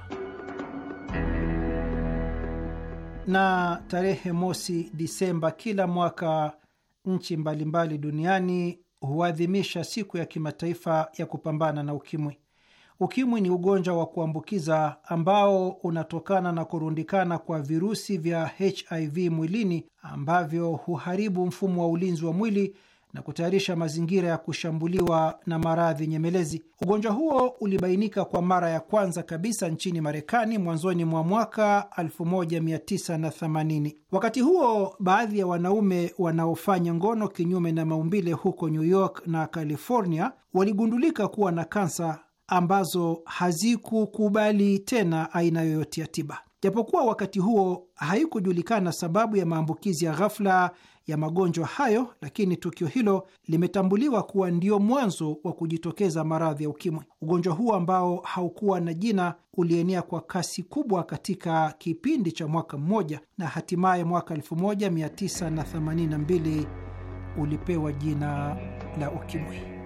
Na tarehe mosi Disemba kila mwaka nchi mbalimbali duniani huadhimisha siku ya kimataifa ya kupambana na ukimwi. Ukimwi ni ugonjwa wa kuambukiza ambao unatokana na kurundikana kwa virusi vya HIV mwilini ambavyo huharibu mfumo wa ulinzi wa mwili na kutayarisha mazingira ya kushambuliwa na maradhi nyemelezi. Ugonjwa huo ulibainika kwa mara ya kwanza kabisa nchini Marekani mwanzoni mwa mwaka 1980. Wakati huo, baadhi ya wanaume wanaofanya ngono kinyume na maumbile huko New York na California waligundulika kuwa na kansa ambazo hazikukubali tena aina yoyote ya tiba. Japokuwa wakati huo haikujulikana sababu ya maambukizi ya ghafla ya magonjwa hayo, lakini tukio hilo limetambuliwa kuwa ndio mwanzo wa kujitokeza maradhi ya ukimwi. Ugonjwa huo ambao haukuwa na jina ulienea kwa kasi kubwa katika kipindi cha mwaka mmoja na hatimaye mwaka 1982 ulipewa jina la ukimwi.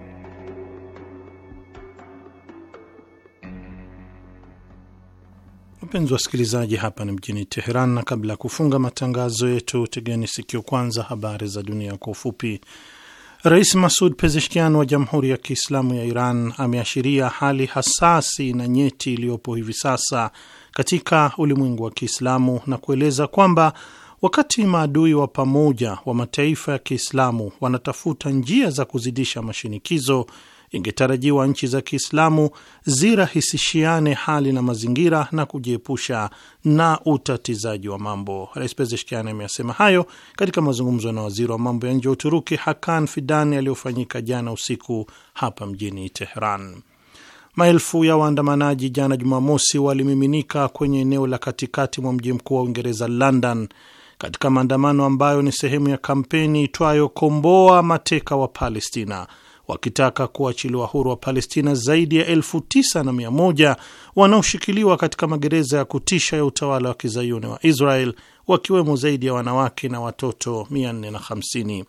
Wapenzi wasikilizaji, hapa ni mjini Teheran, na kabla ya kufunga matangazo yetu, tegeni sikio kwanza habari za dunia kwa ufupi. Rais Masud Pezeshkian wa Jamhuri ya Kiislamu ya Iran ameashiria hali hasasi na nyeti iliyopo hivi sasa katika ulimwengu wa Kiislamu na kueleza kwamba wakati maadui wa pamoja wa mataifa ya Kiislamu wanatafuta njia za kuzidisha mashinikizo ingetarajiwa nchi za Kiislamu zirahisishiane hali na mazingira na kujiepusha na utatizaji wa mambo. Rais Pezeshkian ameyasema hayo katika mazungumzo na waziri wa mambo ya nje wa Uturuki Hakan Fidan yaliyofanyika jana usiku hapa mjini Teheran. Maelfu ya waandamanaji jana Jumamosi walimiminika kwenye eneo la katikati mwa mji mkuu wa Uingereza, London, katika maandamano ambayo ni sehemu ya kampeni itwayo komboa mateka wa Palestina wakitaka kuachiliwa huru wa Palestina zaidi ya elfu tisa na mia moja wanaoshikiliwa katika magereza ya kutisha ya utawala wa kizayuni wa Israel, wakiwemo zaidi ya wanawake na watoto 450.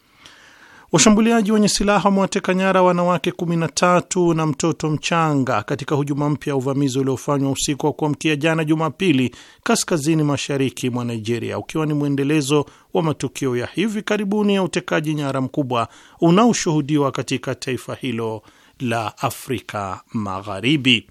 Washambuliaji wenye silaha wamewateka nyara wanawake 13 na mtoto mchanga katika hujuma mpya ya uvamizi uliofanywa usiku wa kuamkia jana Jumapili, kaskazini mashariki mwa Nigeria, ukiwa ni mwendelezo wa matukio ya hivi karibuni ya utekaji nyara mkubwa unaoshuhudiwa katika taifa hilo la Afrika Magharibi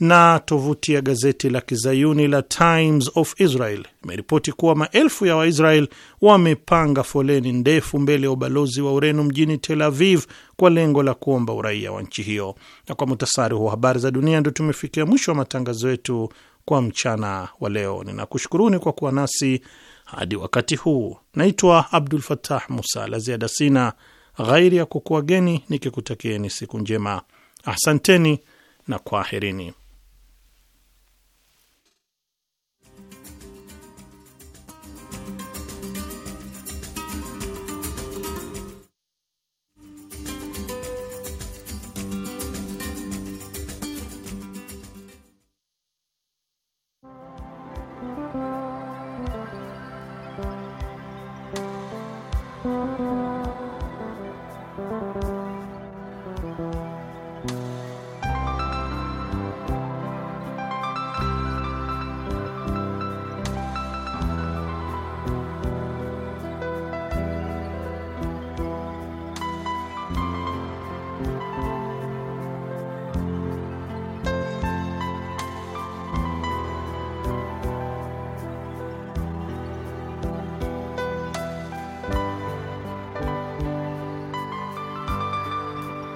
na tovuti ya gazeti la kizayuni la Times of Israel imeripoti kuwa maelfu ya Waisrael wamepanga foleni ndefu mbele ya ubalozi wa Ureno mjini Tel Aviv kwa lengo la kuomba uraia wa nchi hiyo. Na kwa mutasari wa habari za dunia, ndo tumefikia mwisho wa matangazo yetu kwa mchana wa leo. Ninakushukuruni kwa kuwa nasi hadi wakati huu. Naitwa Abdul fatah Musa. La ziada sina ghairi ya kukuageni nikikutakieni siku njema. Asanteni na kwaherini.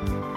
Bye.